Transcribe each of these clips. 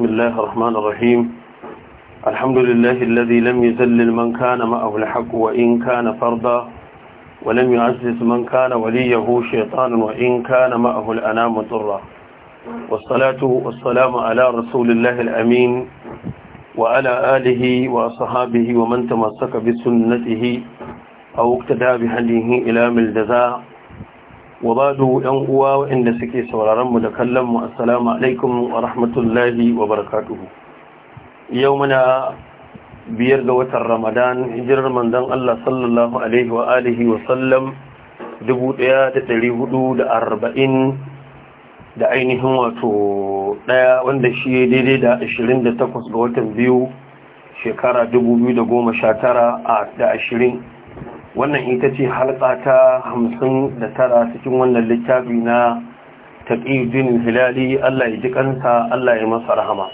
بسم الله الرحمن الرحيم الحمد لله الذي لم يذلل من كان معه الحق وإن كان فرضا ولم يعزز من كان وليه شيطان وإن كان معه الأنام ضرا والصلاة والسلام على رسول الله الأمين وعلى آله وأصحابه ومن تمسك بسنته أو اقتدى بهديه إلى ملجزاء wa yan uwa waɗanda suke sauraron mu da kallon mu assalamu alaikum wa rahmatullahi wa barakatuhu yau muna biyar ga watan ramadan hijirar manzon Allah sallallahu alaihi wa alihi wa sallam 1440 da ainihin wato ɗaya wanda shi daidai da da 28 ga watan biyu shekara dubu biyu da ashirin wannan ita ce halka ta hamsin da tara cikin wannan littafi na taƙiyuddin hilali Allah ya ji ƙansa Allah ya masa rahama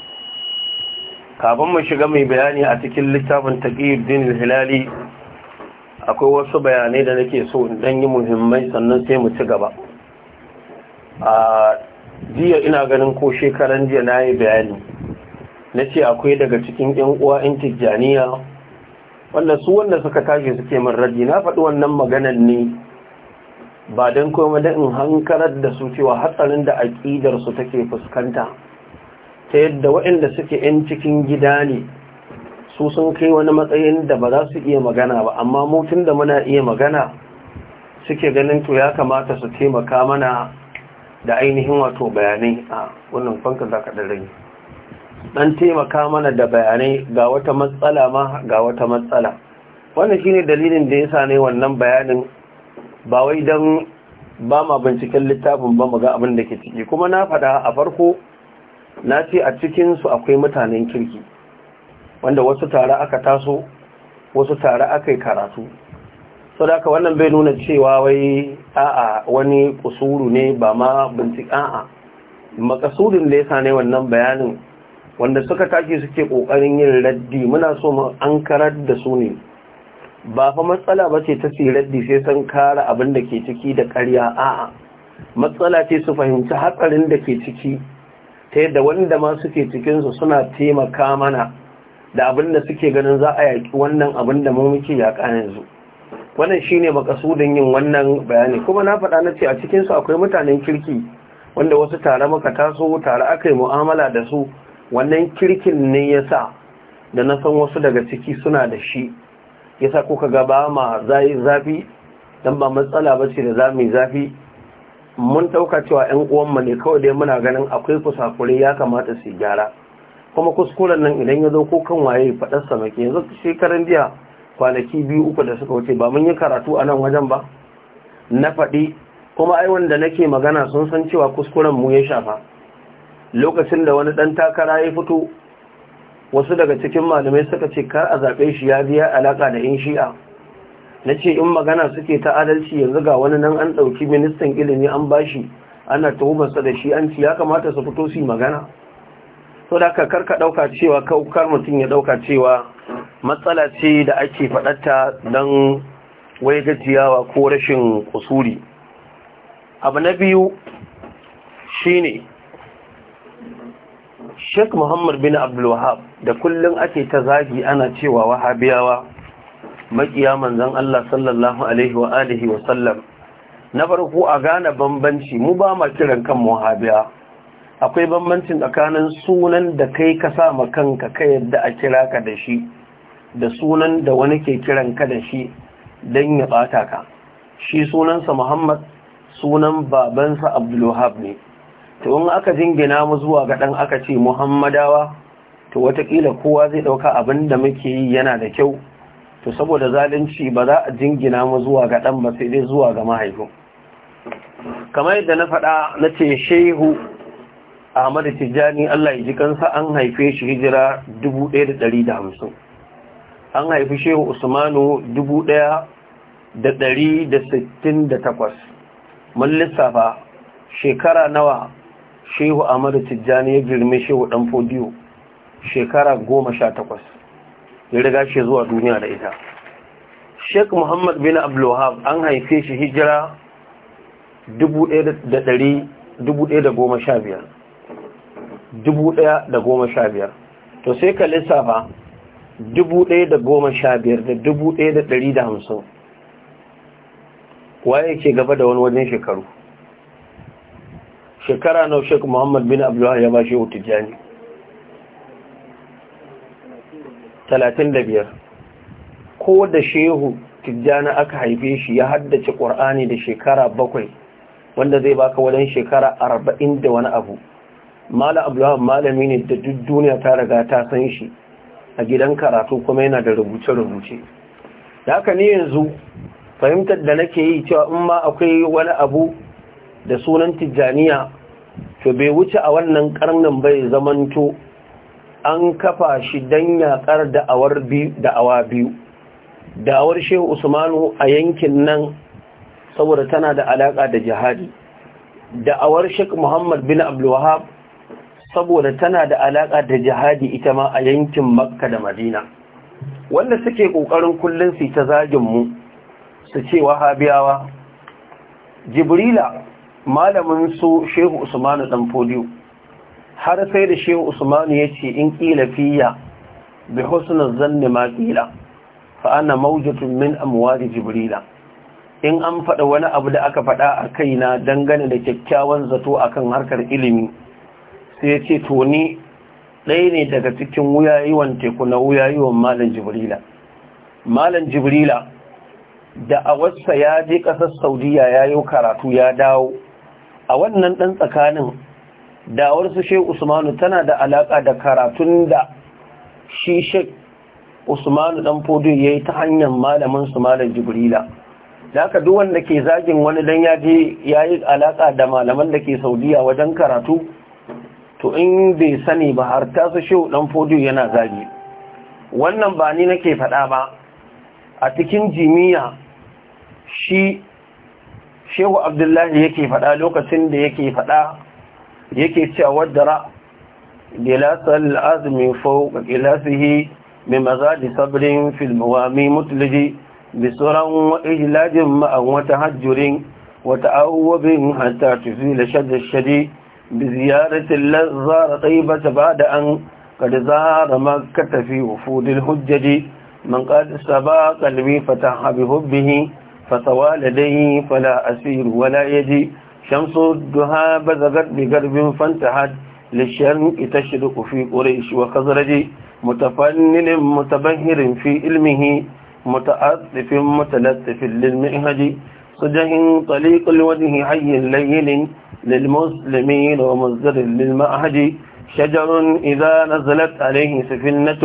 kafin mu shiga mai bayani a cikin littafin taƙiyuddin hilali akwai wasu bayanai da nake so don yi muhimmai sannan sai mu ci gaba a jiya ina ganin ko shekaran jiya na yi bayani na ce akwai daga cikin 'yan uwa 'yan tijjaniya wanda su wanda suka tashi suke min raji na faɗi wannan maganar ne ba don koma da in hankarar da su cewa hatsarin da aƙidarsu take fuskanta ta yadda waɗanda suke 'yan cikin gida ne su sun kai wani matsayin da ba za su iya magana ba amma mutum da muna iya magana suke ganin to ya kamata su taimaka mana da ainihin wato bayanai a wannan fanka za ka ɗan dan taimaka mana da bayanai ga wata matsala ma ga wata matsala wannan shine dalilin da yasa ne wannan bayanin ba wai dan ba ma binciken littafin ba mu ga abin da ke ciki kuma na faɗa a farko na ce a cikin su akwai mutanen kirki wanda wasu tare aka taso wasu tare aka yi karatu sau da wannan bai nuna cewa wai a'a wani kusuru ne ba ma bincika a'a makasudin da ya sa ne wannan bayanin wanda suka tashi suke kokarin yin raddi muna so mu an karar da su ne ba fa matsala ba ce ta raddi sai san kare abin da ke ciki da ƙarya a'a matsala ce su fahimci hatsarin da ke ciki ta yadda wanda ma suke cikinsu suna taimaka mana da abin da suke ganin za a yaƙi wannan abin da mu muke yaƙa yanzu wannan shine makasudin yin wannan bayani kuma na faɗa na ce a cikinsu akwai mutanen kirki wanda wasu tare maka taso tare aka yi mu'amala da su wannan kirkin ne ya sa da na san wasu daga ciki suna da shi ya sa kuka gaba ma zafi don ba matsala ba ce da za mu yi zafi mun ɗauka cewa 'yan uwanmu ne kawai dai muna ganin akwai kusakure ya kamata su gyara kuma kuskuren nan idan ya zo ko kan waye faɗar samaki yanzu shekarun jiya kwanaki biyu uku da suka wuce ba mun yi karatu a nan wajen ba na faɗi kuma ai wanda nake magana sun san cewa kuskuren mu ya shafa lokacin da wani ɗan takara ya fito wasu daga cikin malamai suka ce kar a zaɓe shi ya biya alaƙa da yin shi'a na ce in magana suke ta adalci yanzu ga wani nan an ɗauki ministan ilimi an bashi ana tuhumarsa da shi an ci ya kamata su fito su yi magana so da kar ka ɗauka cewa kaukar mutum ya ɗauka cewa matsala ce da ake faɗata don wai gajiyawa ko rashin kusuri abu na biyu shi ne. Sheikh Muhammad bin Abdulwahab, da kullum ake ta zagi ana cewa wahabiyawa makiya manzon Allah sallallahu alaihi wa alihi wa sallam na farko a gane bambanci mu ba ma kiran kan wahabiya akwai bambancin tsakanin sunan da kai ka sa ma kanka ka yadda a kira ka da shi da sunan da wani ke kiran ka da shi dan ya bata ka shi sunansa Muhammad sunan babansa Abdulwahab ne to in aka jingina mu zuwa ga dan aka ce muhammadawa to watakila kowa zai ɗauka abin da muke yi yana da kyau to saboda zalunci ba za a jingina mu zuwa ga dan ba sai dai zuwa ga mahaifin kamar yadda na faɗa na ce shehu ahmadu tijjani allah ya ji kansa an haife shi hijira 1150 an haifi shehu usmanu da da da sittin takwas? mun lissafa shekara nawa shehu amadu tijjani ya girme shehu dan fodiyo shekara goma sha takwas ya riga shi zuwa duniya da ita sheik muhammad bin abdullahab an haife shi hijira 1115 to sai ka lissafa 1115 da 1150 waye ke gaba da wani wajen shekaru shekara na shek muhammad bin abdullahi ya ba shi wa da biyar. ko da shehu tijjani aka haife shi ya haddace ƙwar'ani da shekara bakwai wanda zai baka wajen shekara arba'in da wani abu mala abdullahi malami ne da duk duniya ta riga ta san shi a gidan karatu kuma yana da rubuce-rubuce da haka ni yanzu fahimtar da nake yi cewa in ma akwai wani abu da sunan tijjaniya to bai wuce a wannan karnin bai zamanto an kafa shi don yaƙar da'awa biyu da'awar shehu usmanu a yankin nan saboda tana da alaƙa da jihadi da'awar sheik muhammad bin abdulwahab saboda tana da alaƙa da jihadi ita ma a yankin makka da madina wanda suke ƙoƙarin kullum su ta zaginmu su ce wahabiyawa jibrila malamin su shehu usmanu dan fodiyo har sai da shehu usmanu ya ce in kila fiya bi husna zanni ma kila fa ana mawjatun min amwali jibrila in an faɗa wani abu da aka faɗa a kaina dangane da kyakkyawan zato akan harkar ilimi sai ya ce to ni ɗaya ne daga cikin wuyayiwan teku na wuyayiwan malam jibrila malam jibrila da a wasa ya je ƙasar saudiya ya yi karatu ya dawo a wannan ɗan tsakanin da'awar su shehu usmanu tana da alaƙa da karatun da shi shehu usmanu ɗan fodo ya yi ta hanyar malamin su malam jibrila da aka duk wanda ke zagin wani dan ya je ya yi alaƙa da malaman da ke saudiya wajen karatu to in bai sani ba har ta su shehu ɗan fodo yana zagi wannan ba ni nake faɗa ba a cikin jimiya shi shehu abdullahi yake faɗa lokacin da yake faɗa yake cewa waddara gilasar azumi fauka gilasihi mai maza da sabirin filmawami mutuliji bisuran wa'ihilajin ma'an wata hajjurin wata awwabin hatta tufi da shaddashadi bi ziyaratin lazara tsaibata ba da an kada zara maka tafi wufudin hujjaji man ƙadisa ba ƙalbi fata habi فطوال لديه فلا أسير ولا يجي شمس الدها بزغت بقرب فانتهت للشرق تشرق في قريش وخزرج متفنن متبهر في علمه متعطف متلطف للمئهج صجه طليق الوجه حي ليل للمسلمين ومصدر للمعهد شجر إذا نزلت عليه سفنة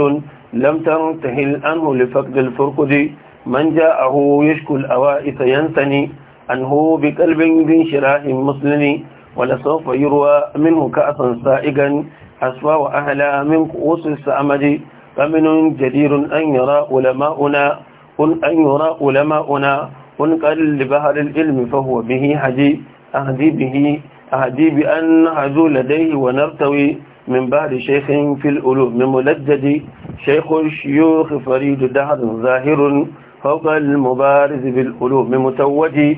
لم تنتهي الأمر لفقد الفرقد من جاءه يشكو الأوائف ينتني أنه بقلب من شراح مسلم ولسوف يروى منه كأسا سائقا أسوى وأهلا من قوس السأمد فمن جدير أن يرى علماؤنا قل أن يرى علماؤنا قال لبهر العلم فهو به حجي أهدي به أهدي بأن هجو لديه ونرتوي من بعد شيخ في الألوم من ملجد شيخ الشيوخ فريد دهر ظاهر فوق المبارز بالقلوب متوج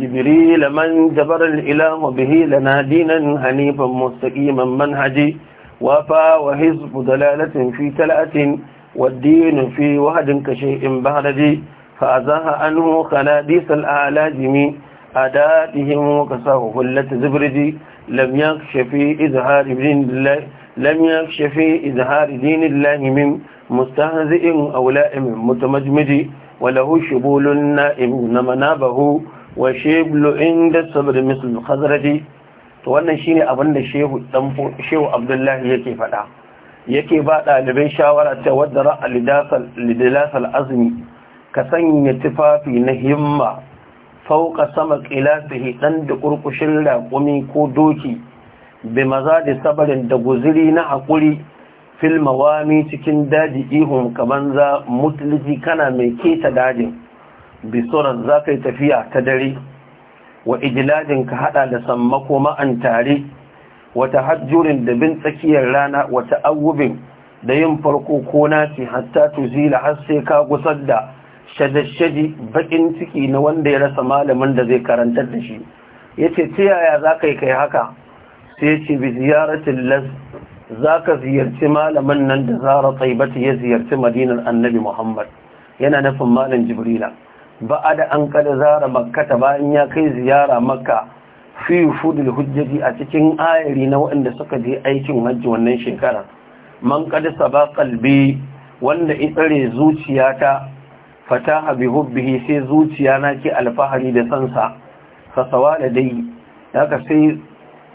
جبريل من جبر الإله به لنا دينا حنيفا مستقيما منهجي وفا وحزب دلالة في تلأة والدين في وهد كشيء بهرجي فأزاه عنه خناديس الأعلاجم أداتهم كساه التي زبرجي لم يكشف في إزهار دين الله لم يكشف في إزهار دين الله من mustahzi'in aw la'imin mutamajmiji wa lahu shubulun na'im namanabahu wa shiblu inda sabr misl khazraji to wannan shine abin da shehu dan shehu abdullahi yake faɗa yake ba ɗalibai shawara ta wadda ra'alidasal lidasal azmi ka sanya tufafi na himma fauka sama kilasihi dan da kurkushin raƙumi ko doki bi maza da da guziri na haƙuri fil mawami cikin daji ihun kaman za mutliji kana mai keta dajin bisoran za ka yi tafiya ta dare wa ijilajin ka hada da sammako ma'an tare wata hajjurin da bin tsakiyar rana wata awubin da yin farko ko naci hatta tuzila har sai ka gusar da shadashadi bakin ciki na wanda ya rasa malamin da zai karantar da shi Yace ce ta yaya za ka kai haka sai ce bi ziyaratin za ka ziyarci malamin nan da zara tsaibata ya ziyarci madinar annabi muhammad yana nufin malam jibrila ba a da an kada zara makkata bayan ya kai ziyara makka fi fudul hujjaji a cikin ayari na waɗanda suka je aikin hajji wannan shekara man kada saba kalbi wanda in tsare zuciyata Fata bi hubbihi sai zuciya na ke alfahari da sansa fasawa da dai haka sai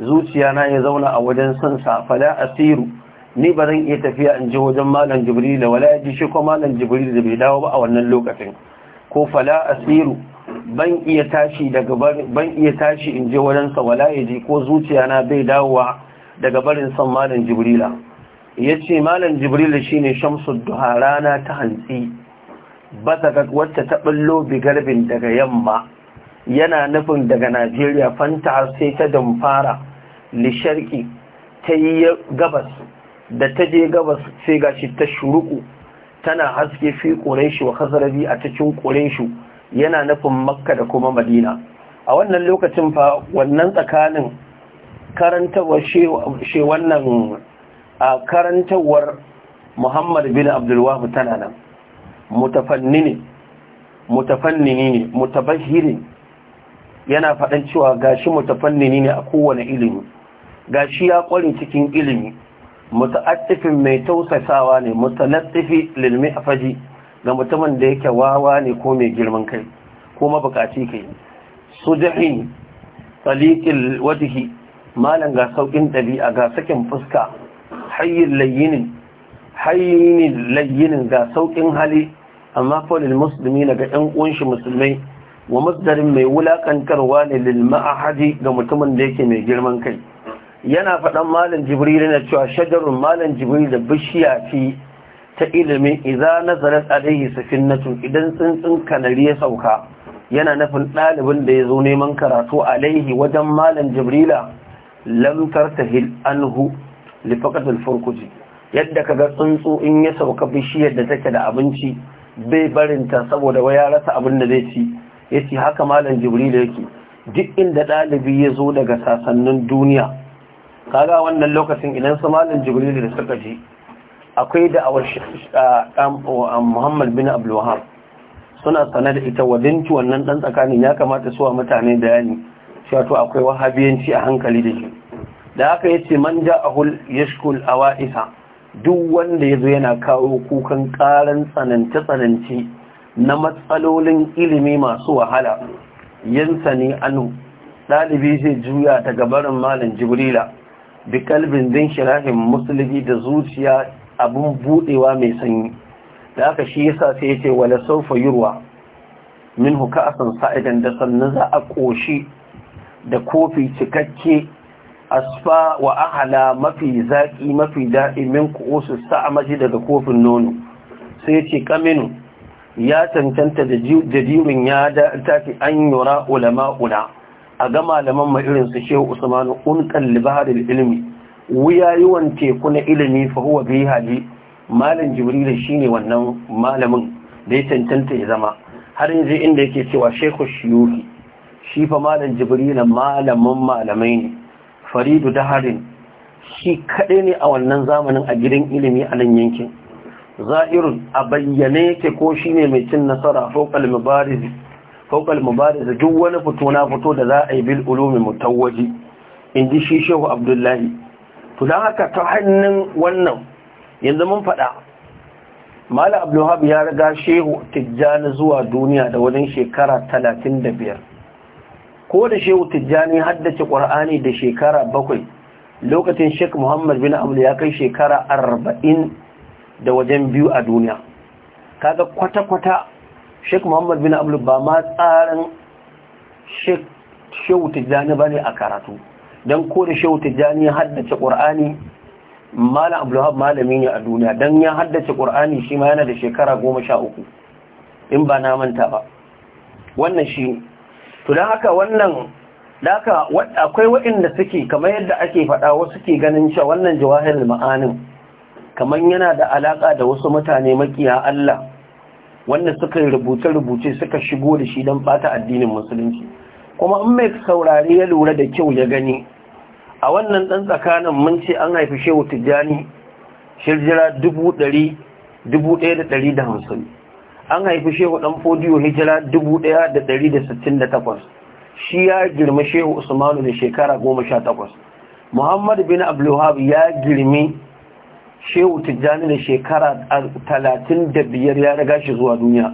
zuciya na ya zauna a wajen son sa fala asiru ni ba zan iya tafiya in ji wajen malam jibril wala ya ji shi ko malam jibril da bai dawo ba a wannan lokacin ko fala asiru ban iya tashi daga ban iya tashi in je wajen sa wala ya ji ko zuciya na bai dawowa daga barin son malam jibrila yace malam jibril shine Shamsu, duha rana ta hantsi ga wacce ta ballo bigarbin daga yamma yana nufin daga Najeriya fanta sai ta damfara lisharki ta yi gabas da ta je gabas sai gashi ta shuruku tana haske fi ƙorenshi wa hazarabi a cikin ƙorenshi yana nufin makka da kuma madina a wannan lokacin fa wannan tsakanin karantarwar shi wannan a karantarwar muhammad bin abdulwahu tana nan ne mutafanni ne mutabashirin yana faɗin cewa gashi mutafanni ne a kowane ilimi gashi ya kware cikin ilimi mutu'attifin mai tausasawa ne mutalattifi a faji ga mutumin da yake wawa ne ko mai girman kai ko mabukaci kai sujahi taliqil wajihi malin ga saukin ɗabi'a ga sakin fuska hayyin layyinin hayyin layyinin ga saukin hali amma falil musulmi daga ɗan ƙunshi musulmai wa masdarin mai wulaƙantarwa ne a ga mutumin da yake mai girman kai yana faɗan malam jibril na cewa shajarun malam jibril da bishiya ce ta ilimin idza nazalat alaihi safinatun idan tsuntsun kanari ya sauka yana nufin ɗalibin da ya zo neman karatu alaihi wajen malam jibrila lam tartahil anhu li faqatil furkuji yadda kaga tsuntsu in ya sauka bishiyar da take da abinci bai barinta saboda wai ya rasa abin da zai ci yace haka malam jibril yake duk inda ɗalibi ya zo daga sasannin duniya kaga wannan lokacin idan su malin jibril da suka ji akwai da awar muhammad bin abdulwahab suna sanar da ita wadinci wannan dan tsakanin ya kamata suwa mutane da bayani cewa to akwai wahabiyanci a hankali da shi da haka yace man ja'ahul a awa'isa duk wanda ya zo yana kawo kukan karan tsananta tsananci na matsalolin ilimi masu wahala yansa ne anu ɗalibi zai juya daga barin malam jibrila bi kalbin din shirahin musulmi da zuciya abun budewa mai sanyi da aka shi yasa sai yace wala saufa yurwa minhu ka'san sa'idan da sannan za a koshi da kofi cikakke asfa wa ahala mafi zaki mafi daɗi min ku'usu sa'amaji daga kofin nono sai yace kaminu ya cancanta da jirin ya da take an yura ulama ulama a ga malaman ma irin su shehu usmanu unqal ilimi, ilmi yi teku na ilimi fa huwa bi hali malam jibril shine wannan malamin da ya cancanta ya zama har yanzu inda yake cewa shehu shiyuhi shi fa malam jibril malamin malamai ne faridu da harin shi kaɗai ne a wannan zamanin a gidan ilimi a nan yankin za'irun a bayyane yake ko shi ne mai cin nasara fokal mubariz fokal mubariz duk wani fito na fito da za a yi bil ulumi mutawaji in ji shi shehu abdullahi to don haka ta hannun wannan yanzu mun faɗa mala abdullahab ya riga shehu tijjani zuwa duniya da wajen shekara talatin da biyar ko da shehu tijjani haddace ƙwar'ani da shekara bakwai lokacin sheik muhammad bin amur ya kai shekara arba'in da wajen biyu a duniya kaga kwata-kwata Sheikh muhammad bin abdul ba ma tsarin Sheikh shehu tijjani ba ne a karatu don ko da shehu tijjani ya haddace ƙur'ani malam abdulhab malami ne a duniya don ya haddace ƙur'ani shi ma yana da shekara goma sha uku in ba na manta ba wannan shi to don haka wannan Daka akwai waɗanda suke kamar yadda ake faɗa wasu ke ganin cewa wannan jawahirul ma'anin kamar yana da alaƙa da wasu mutane makiya Allah wanda suka rubuce-rubuce suka shigo da shi don fata addinin musulunci kuma in mai saurari ya lura da kyau ya gani a wannan ɗan tsakanin mun ce an haifi shehu tijjani shirjira hamsin, an haifi shehu ɗan fodiyo hijira takwas, shi ya girma shehu usmanu da shekara takwas, muhammadu bin abdullahi ya girmi shehu tijjani da shekara talatin da biyar ya riga shi zuwa duniya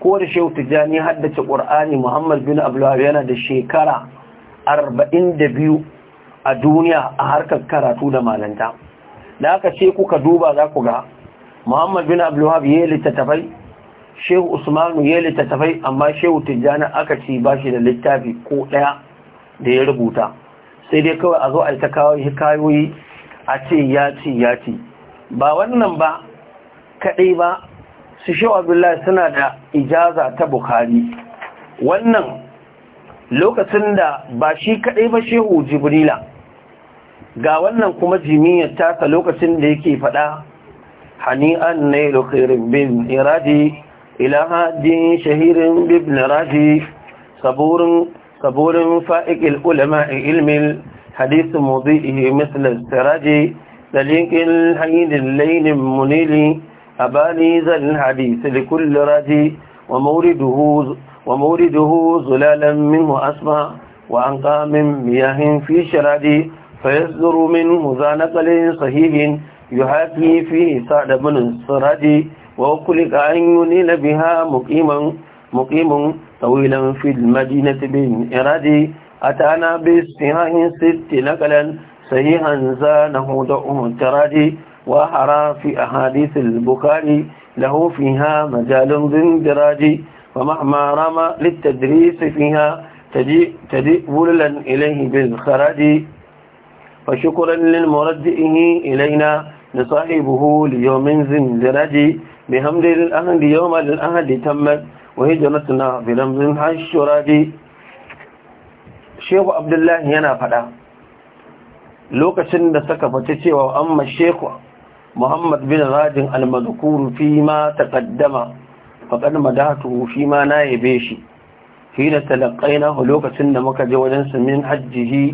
ko da shehu tijjani haddace ƙur'ani muhammad bin abdullahi yana da shekara arba'in da biyu a duniya a harkar karatu da malanta da aka ce kuka duba za ku ga muhammad bin abdullahi ya littattafai shehu usmanu ya littattafai amma shehu tijjani aka ci ba shi da littafi ko ɗaya da ya rubuta sai dai kawai a zo a ta kawai hikayoyi a ce ya ce ya ce ba wannan ba kaɗai ba su shi abdullahi suna da ijaza ta bukari wannan lokacin da ba shi kaɗai ba shehu jibrila ga wannan kuma jimiyyar tasa lokacin da yake faɗa hani'an na yi lokacin bin ilaha shahirin bibin iradi saburin fa'iƙil ulama ilmin mozi mazi'i mislis tiraji سليك الحين الليل منيل أباني ذا الحديث لكل رجي ومورده ومورده زلالا منه أسمع وأنقى من مياه في شرادي فيصدر من مزانق صحيح يحاكي فيه سعد بن السرادي وأقلق أن ينيل بها مقيما مقيم طويلا في المدينة بن إرادي أتانا باستهاء ست نقلا sahihan zanahu da umtaradi wa hara fi ahadith al-bukhari lahu fiha majalun zindiradi wa mahma rama litadris fiha تجيء بللا إليه بالخرد وشكرا للمرجئه إلينا نصاحبه ليوم زندرج بحمد الأهد يوم الأهد تمت وهجرتنا بلمز حشراد شيخ عبد الله ينا فدا lokacin da suka fata cewa amma sheku muhammad bin rajin almazkuru fi ma taqaddama faqad madatu fi ma na yabe shi da talakai na lokacin da muka je wajen sa hajji,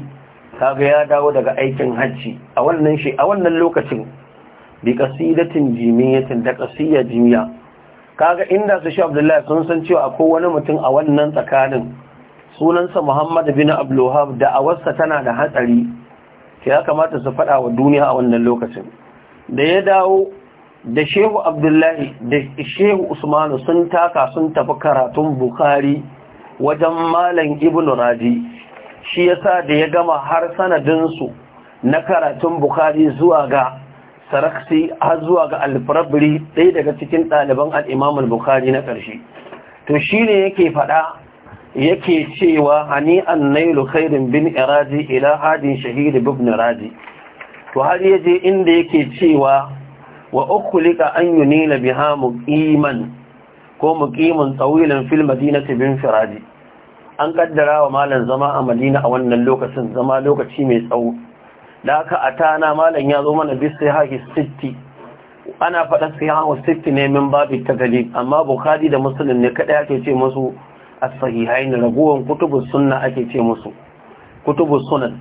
kaga ya dawo daga aikin hajji a wannan shi a wannan lokacin bi kasidatin jimiyatin da kasiyar jimiya kaga inda su shi abdullahi sun san cewa ko wani mutum a wannan tsakanin sunansa muhammad bin abdulwahab da a awarsa tana da hatsari ya kamata su faɗa wa duniya a wannan lokacin da ya dawo da shehu abdullahi da shehu usmanu sun taka sun tafi karatun bukari wajen malam ibn raji shi yasa da ya gama har sanadinsu na karatun bukari zuwa ga saraksi har zuwa ga alfarabri ɗaya daga cikin ɗaliban alimamul Bukhari bukari na ƙarshe to shi ne yake faɗa yake cewa hani an nailu khairin bin iraji ila hadin shahid ibn raji to har yaje inda yake cewa wa ukhliqa an yunila biha muqiman ko muqiman tawilan fil madinati bin firaji an kaddara wa malan zama a madina a wannan lokacin zama lokaci mai tsawo da aka atana malan ya zo mana bisai haki sitti. ana faɗa sai hawa sitti ne min babu tagalib amma bukhari da muslim ne kada yake ce musu as-sahihain raguwan kutubus sunna ake ce musu kutubus sunan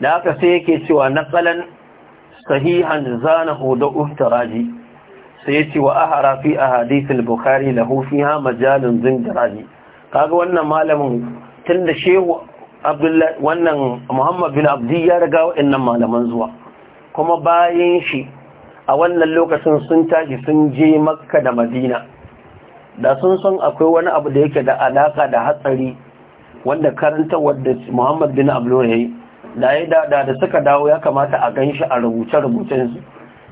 da haka sai yake cewa naqalan sahihan zanahu da uftaraji sai yace wa ahara fi ahadith al-bukhari lahu fiha majalun Ka kaga wannan malamin tunda shehu abdullahi wannan muhammad bin abdi ya riga wa'annan malaman zuwa kuma bayan shi a wannan lokacin sun tashi sun je makka da madina da sun san akwai wani abu da yake da alaka da hatsari wanda karanta wadda muhammad bin abdullahi ya da ya da da suka dawo ya kamata a ganshi a rubuce-rubucen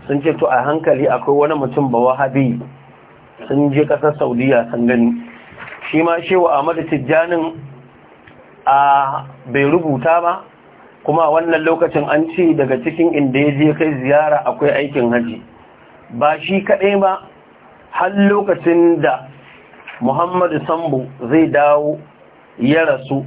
sun ce to a hankali akwai wani mutum ba wahabi sun je kasar saudiya sun gani shi ma Amadu, ahmadu tijjanin a bai rubuta ba kuma wannan lokacin an ce daga cikin inda ya je kai ziyara akwai aikin haji ba shi kaɗai ba har lokacin da muhammadu sambu zai dawo ya rasu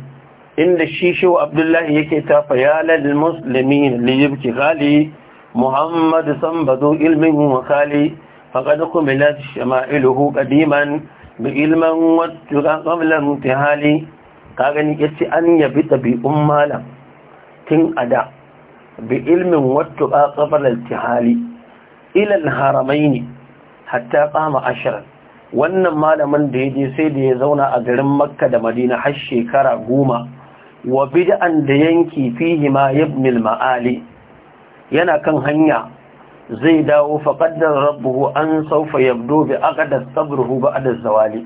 inda shi shehu abdullahi yake tafa ya lalil musulmi liyibki gali muhammadu Sambu zo ilmin wakali faƙad kumilat shama'iluhu ƙadiman bi ilman wata ƙamlan hali ka gani ya ce an yabi ɗabi'un malam tun a da bi ilmin wata ƙamlan hali ilan haramai ne hatta ƙama ashirin wannan malamin da ya je sai da ya zauna a garin makka da madina har shekara goma wa bid'an da yanki fihi ma yabnil ma'ali yana kan hanya zai dawo faqaddar rabbuhu an sawfa yabdu bi aqdas sabruhu ba'da zawali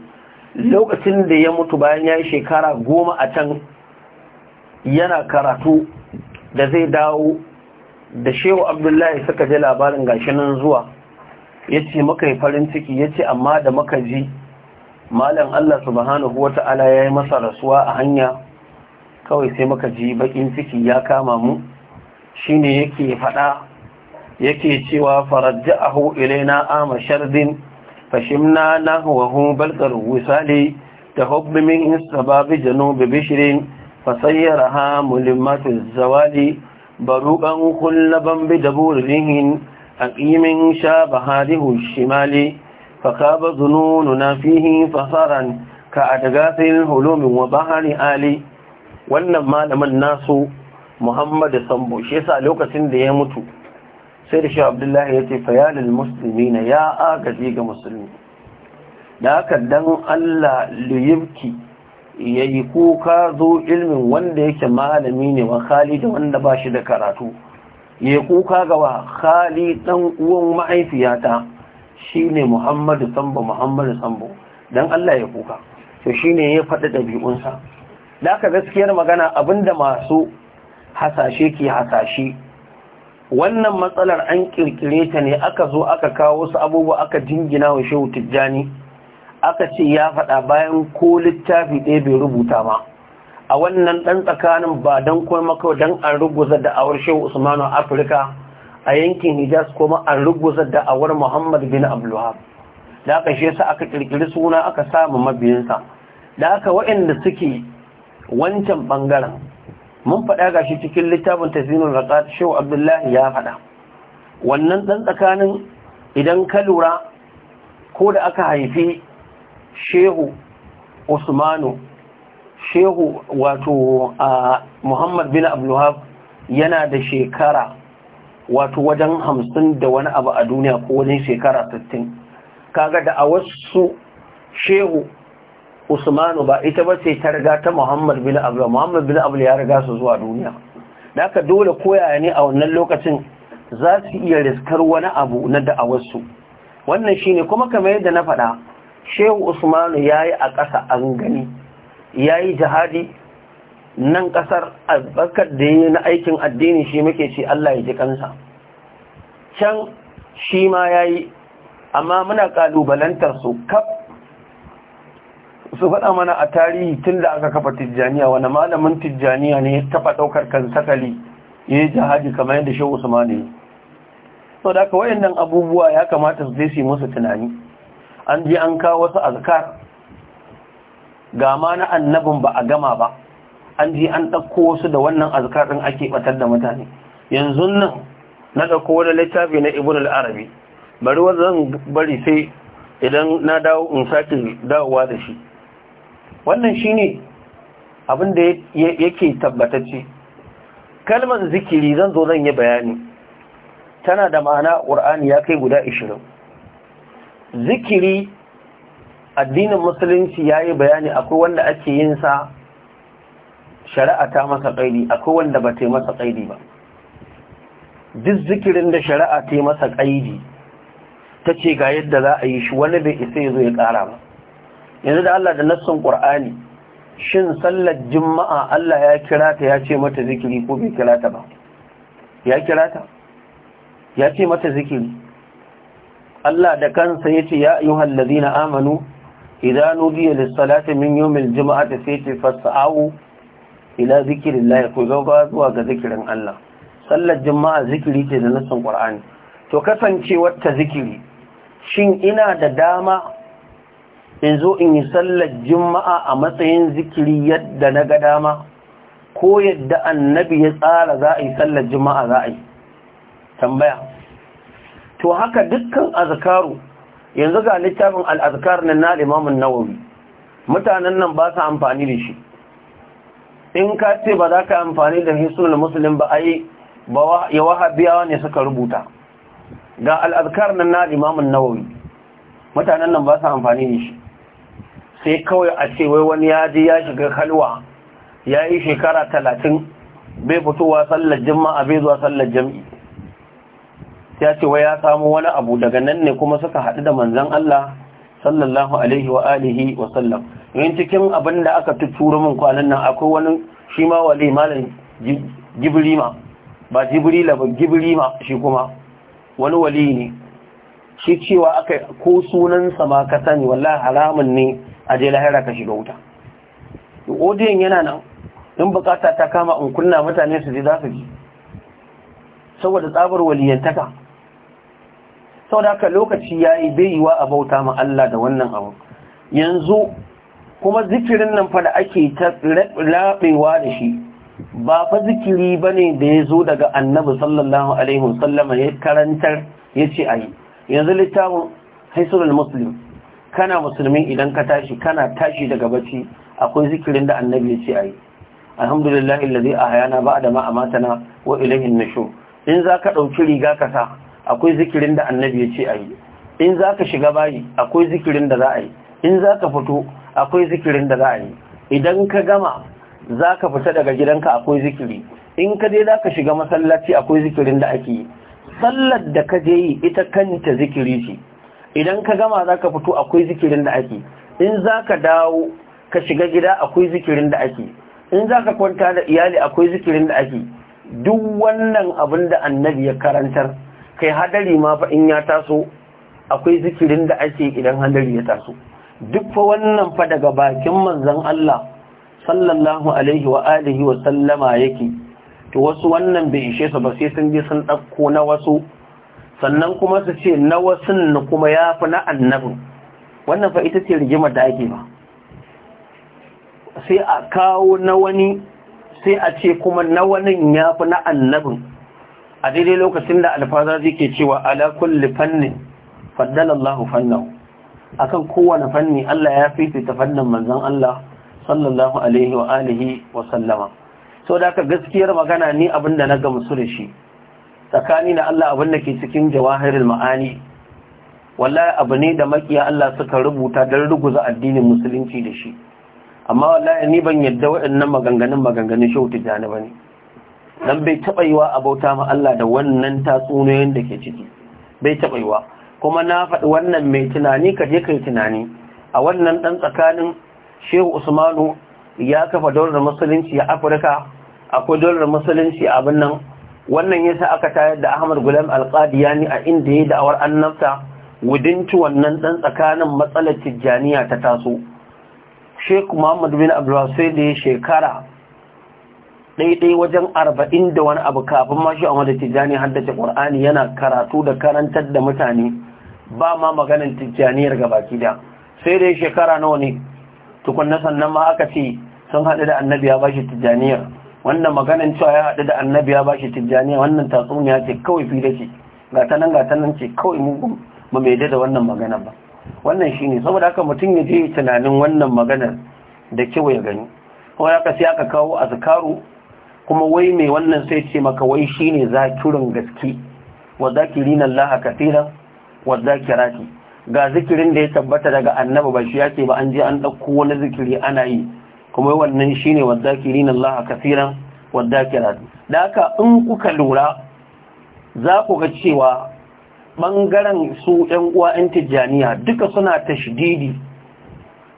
lokacin da ya mutu bayan yayi shekara goma a can yana karatu da zai dawo da shehu abdullahi suka je labarin gashi nan zuwa ya ce muka yi farin ciki ya ce amma da muka ji malam Allah subhanahu wata'ala ya yi masa rasuwa a hanya kawai sai muka ji bakin ciki ya kama mu shine yake faɗa yake cewa a farajja'ahu na ama shardin fashimna da balqar wisali تهب من bishirin fasayyar ha فسيرها zawali الزوال بروقا da بدبور ذهن أقيم شابهاده fasara'n ka a فيه فصارا كأدغاث الهلوم bahari ali wannan malamin nasu Muhammad Sambo shi yasa lokacin da ya mutu sai da shi Abdullahi ya ce fayalil na ya agaji ga musulmi da haka dan Allah ya yayi kuka zo ilmin wanda yake malami ne wa da wanda ba shi da karatu ya kuka gawa khali dan uwan ma'aifiyata shine Muhammadu Sambo Muhammadu Sambo dan Allah ya kuka to shine ya faɗi ɗabi'unsa da aka gaskiyar magana abinda masu hasashe ke hasashe wannan matsalar an ƙirƙire ta ne aka zo aka kawo wasu abubuwa aka jingina wa shehu tijjani aka ce ya faɗa bayan ko littafi ɗaya bai rubuta ba a wannan ɗan tsakanin ba don kuma makau don an da da'awar shehu usmanu a afirka a yankin hijaz kuma an da awar muhammad bin abdullahab da aka shi yasa aka kirkiri suna aka samu mabiyinsa da aka waɗanda suke wancan ɓangaren mun faɗa ga shi cikin littafin tasirin raka shehu abdullahi ya faɗa wannan ɗan tsakanin idan ka lura ko da aka haifi shehu usmanu shehu wato a muhammad bin abdullahab yana da shekara wato wajen hamsin da wani abu a duniya ko wajen shekara sittin kaga da a wasu shehu usmanu ba ita ba sai ta riga ta muhammad bin abdullahab muhammad bin abdullahab ya riga su zuwa duniya da aka dole koyaya ne a wannan lokacin za su iya riskar wani abu na da a wasu? wannan shine kuma kamar yadda na faɗa shehu usmanu ya yi a ƙasa an gani ya yi jihadi nan kasar albakar da yi na aikin addini shi muke ce Allah ya ji kansa can shi ma ya yi amma muna ƙalubalantar su kaf su faɗa mana a tarihi tun da aka kafa tijjaniya wani malamin tijjaniya ne ya taɓa ɗaukar kan sakali ya yi jihadi kamar yadda shi usmani sau da aka wayannan abubuwa ya kamata su zai su yi musu tunani an ji an kawo wasu azkar Gama na annabin ba a gama ba an ji an ɗauko wasu da wannan azkarin ake batar da mutane yanzu nan na ɗauko wani littafi na ibn al-arabi bari wanda zan bari sai idan na dawo in sake dawowa da shi wannan shi ne abin da yake tabbatacce kalmar zikiri zan zo zan yi bayani tana da ma'ana ƙur'ani ya kai guda 20 zikiri addinin musulunci ya yi bayani akwai wanda ake yin sa shari'a ta masa ƙaidi akwai wanda ba ta yi masa ƙaidi ba duk zikirin da shari'a ta yi masa ƙaidi ta ce ga yadda za a yi shi wani bai isa ya zo ya ƙara ba yanzu da Allah da nassin ƙur'ani shin sallar juma'a Allah ya kira ta ya ce mata zikiri ko bai kira ta ba ya kira ta ya ce mata zikiri Allah da kansa ya ce ya ayyuhal ladina amanu idan nudiya lissalati min yawmil juma'ati sai ce fas'au ila zikrillah ku gaba zuwa ga zikirin Allah sallar juma'a zikiri ce da nassin ƙur'ani. to kasancewar ta zikiri shin ina da dama in zo in yi sallar juma'a a matsayin zikiri yadda na ga dama ko yadda annabi ya tsara za a yi sallar juma'a za a tambaya to haka dukkan azkaru yanzu ga littafin al'azkar nan na limamin nawawi mutanen nan ba su amfani da shi in ka ce ba za ka amfani da hisunan musulun ba ai ya wahabiyawa ne suka rubuta ga al'azkar nan na limamin nawawi mutanen nan ba su amfani da shi sai kawai a ce wai wani ya ji ya shiga kalwa ya yi shekara talatin bai fitowa sallar jima'a bai zuwa sallar jami'i. ya ce wai ya samu wani abu daga nan ne kuma suka haɗu da manzan Allah sallallahu alaihi wa alihi wa sallam yin cikin abin da aka tuturo min kwanan nan akwai wani shi ma wa malam jibrima ba jibrila ba jibrima shi kuma wani wali ne shi cewa aka ko sunansa ma ka sani wallahi haramun ne a je lahira ka shiga wuta odiyan yana nan in bukata ta kama in kunna mutane su je za su ji saboda tsabar waliyantaka sau da haka lokaci ya yi baiwa a bauta ma Allah da wannan abu yanzu kuma zikirin nan fa da ake ta rabewa da shi ba fa zikiri ba ne da ya zo daga annabi sallallahu alaihi wasallama ya karantar ya ce a yi yanzu littafin haisulul muslim kana musulmi idan ka tashi kana tashi daga bacci akwai zikirin da annabi ya ce a yi alhamdulillah illazi a hayana ba da ma'amatana wa ilahin nashu in za ka ɗauki riga ka sa akwai zikirin da annabi ya ce a yi in za ka shiga bayi akwai zikirin da za a yi in za ka fito akwai zikirin da za a yi idan ka gama za ka fita daga gidanka akwai zikiri in ka je za ka shiga masallaci akwai zikirin da ake yi sallar da ka je yi ita kanta zikiri ce idan ka gama za ka fito akwai zikirin da ake in za ka dawo ka shiga gida akwai zikirin da ake in za ka kwanta da iyali akwai zikirin da ake duk wannan abin da annabi ya karantar kai hadari ma fa in ya taso akwai zikirin da ake idan hadari ya taso duk fa wannan fa daga bakin manzon Allah sallallahu alaihi wa alihi wa sallama yake to wasu wannan bai ishe su ba sai sun je sun dauko na wasu sannan kuma su ce na wasun na kuma ya fi na annabin wannan fa ita ce rigimar da ake ba sai a kawo na wani sai a ce kuma na wani ya fi na annabin a daidai lokacin da alfazar ke cewa ala kulli fannin faddala Allahu akan kowane fanni Allah ya fifita fannin manzon Allah sallallahu alaihi wa alihi wa sallama so da ka gaskiyar magana ni abinda na musu da shi tsakani da Allah abinda ke cikin jawahirul ma'ani wallahi abu ne da makiya Allah suka rubuta don ruguza addinin musulunci da shi amma wallahi ni ban yadda waɗannan maganganun maganganun shautu jani ne. dan bai taɓa yiwa a bauta ma Allah da wannan tatsuniyoyin da ke ciki bai taɓa yiwa kuma na faɗi wannan mai tunani ka je kai tunani a wannan dan tsakanin shehu usmanu ya kafa daular musulunci a afirka akwai daular musulunci abin nan wannan yasa aka tayar da ahmad gulam Al-qadi Al-Qadiani a inda ya da'awar annabta wudinci wannan ɗan tsakanin matsalar tijjaniya ta taso Sheikh muhammad bin abdulrasai da ya shekara daidai wajen arba'in da wani abu kafin mashi a wadda tijjani haddace ƙwar'ani yana karatu da karantar da mutane ba ma maganin tijjaniyar baki da sai dai shekara nawa ne tukunna sannan ma aka ce sun haɗu da annabi ya bashi tijjaniyar wannan maganin cewa ya haɗu da annabi ya bashi tijjaniyar wannan tatsuniya ce kawai fi da ce ga ta nan ga ta ce kawai mu ba mai da wannan magana ba wannan shine saboda haka mutum ya je tunanin wannan maganar da kyau ya gani kuma haka sai aka kawo azkaru kuma wai mai wannan sai ce maka wai shine zakirin gaske wa zakirina Allah kaseeran wa zakirati ga zikirin da ya tabbata daga annaba ba shi yake ba an je an ɗauko wani zikiri ana yi kuma wannan shine wa zakirina Allah kaseeran wa zakirati da haka in kuka lura za ku ga cewa ɓangaren su 'yan uwa ƴan tijjaniya duka suna tashididi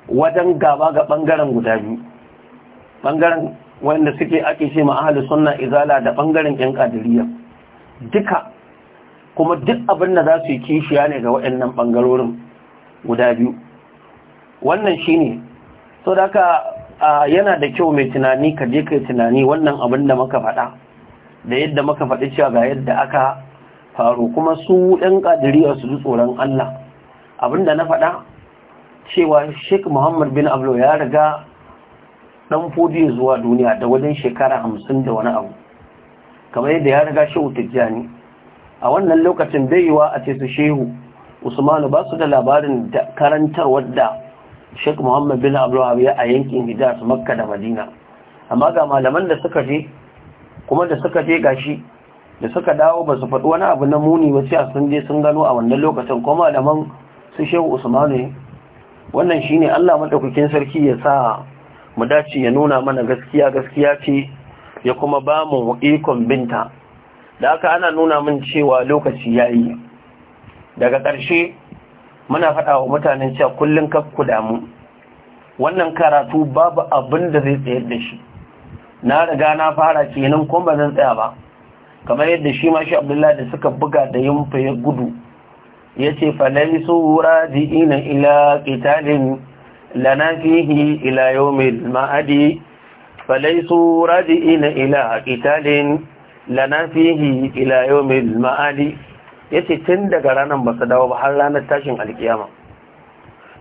wajen gaba ga ɓangaren guda biyu wanda suke ake ce ma ahalin sunna izala da bangaren yan kadiriyya duka kuma duk abin da za su yi kishiya ne ga waɗannan bangarorin guda biyu wannan shi ne, so da ka yana da kyau mai tunani ka je kai tunani wannan abin da maka faɗa da yadda maka faɗi cewa ga yadda aka faru kuma su ɗan ƙadiriya su ji tsoron Allah abinda na faɗa cewa Sheikh Muhammad bin Ablo ya riga dan fodiyo zuwa duniya da wajen shekara hamsin da wani abu kamar yadda ya riga shehu tijjani a wannan lokacin yiwa a ce su shehu usmanu ba su da labarin karantar wadda Sheikh muhammad bin abdullahab ya a yankin hijaz makka da madina amma ga malaman da suka je kuma da suka je gashi da suka dawo ba su faɗi wani abu na muni ba sai sun je sun gano a wannan lokacin kuma malaman su shehu usmanu wannan shine allah maɗaukakin sarki ya sa mu dace ya nuna mana gaskiya gaskiya ce ya kuma ba mu ikon binta da haka ana nuna min cewa lokaci ya yi daga ƙarshe muna faɗa wa mutanen cewa kullum ku damu wannan karatu babu abin da zai tsayar da shi na riga na fara kenan kuma ba zan tsaya ba kamar yadda shi Mashi shi abdullahi da suka buga da yin ya gudu ya ce falai su ina ila ƙitalin lana fihi ila ma'adi falaysu radi'ina ila qitalin lana fihi ila ma'adi yace tun daga ranar ba su dawo ba har ranar tashin alkiyama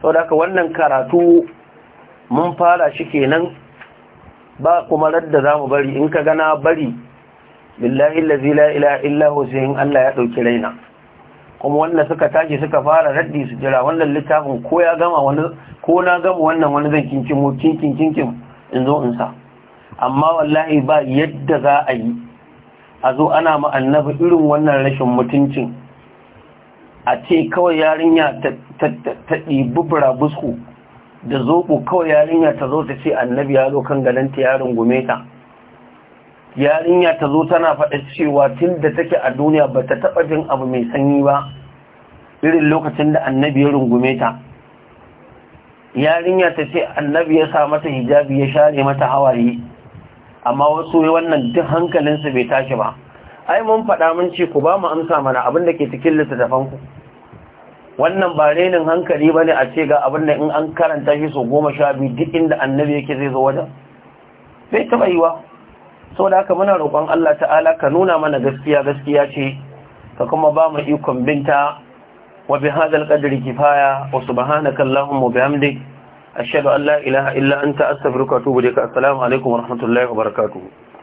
sau haka wannan karatu mun fara shi kenan ba kuma radda za mu bari in ka gana bari billahi lazi la ila illa husayn Allah ya ɗauki raina kuma wanda suka tashi suka fara raddi su jira wannan littafin ko ya gama wani ko na gama wannan wani zan kinkin mu kinkin kinkin in zo in sa amma wallahi ba yadda za a yi a zo ana ma annabi irin wannan rashin mutuncin a ce kawai yarinya ta ɗibi burabusku da zoɓo kawai yarinya ta zo ta ce annabi ya zo kan galanta ya rungume ta yarinya ta zo tana faɗa cewa tun da take a duniya ba ta taɓa jin abu mai sanyi ba irin lokacin da annabi ya rungume ta yarinya ta ce annabi ya sa mata hijabi ya share mata hawaye amma wasu wannan duk hankalinsa bai tashi ba ai mun faɗa mun ce ku ba mu amsa mana abin da ke cikin littattafan ku wannan ba renin hankali ba ne a ce ga abin da in an karanta shi sau goma sha biyu duk inda annabi yake zai zo wajen bai taɓa yiwa da haka muna roƙon Allah ta'ala ka nuna mana gaskiya gaskiya ce ka kuma ba mu ikon binta wa bi hadal qadri kifaya wa subhanaka allahumma bihamdik ashhadu an la ilaha illa anta astaghfiruka wa atubu ilaik assalamu alaikum wa rahmatullahi wa barakatuh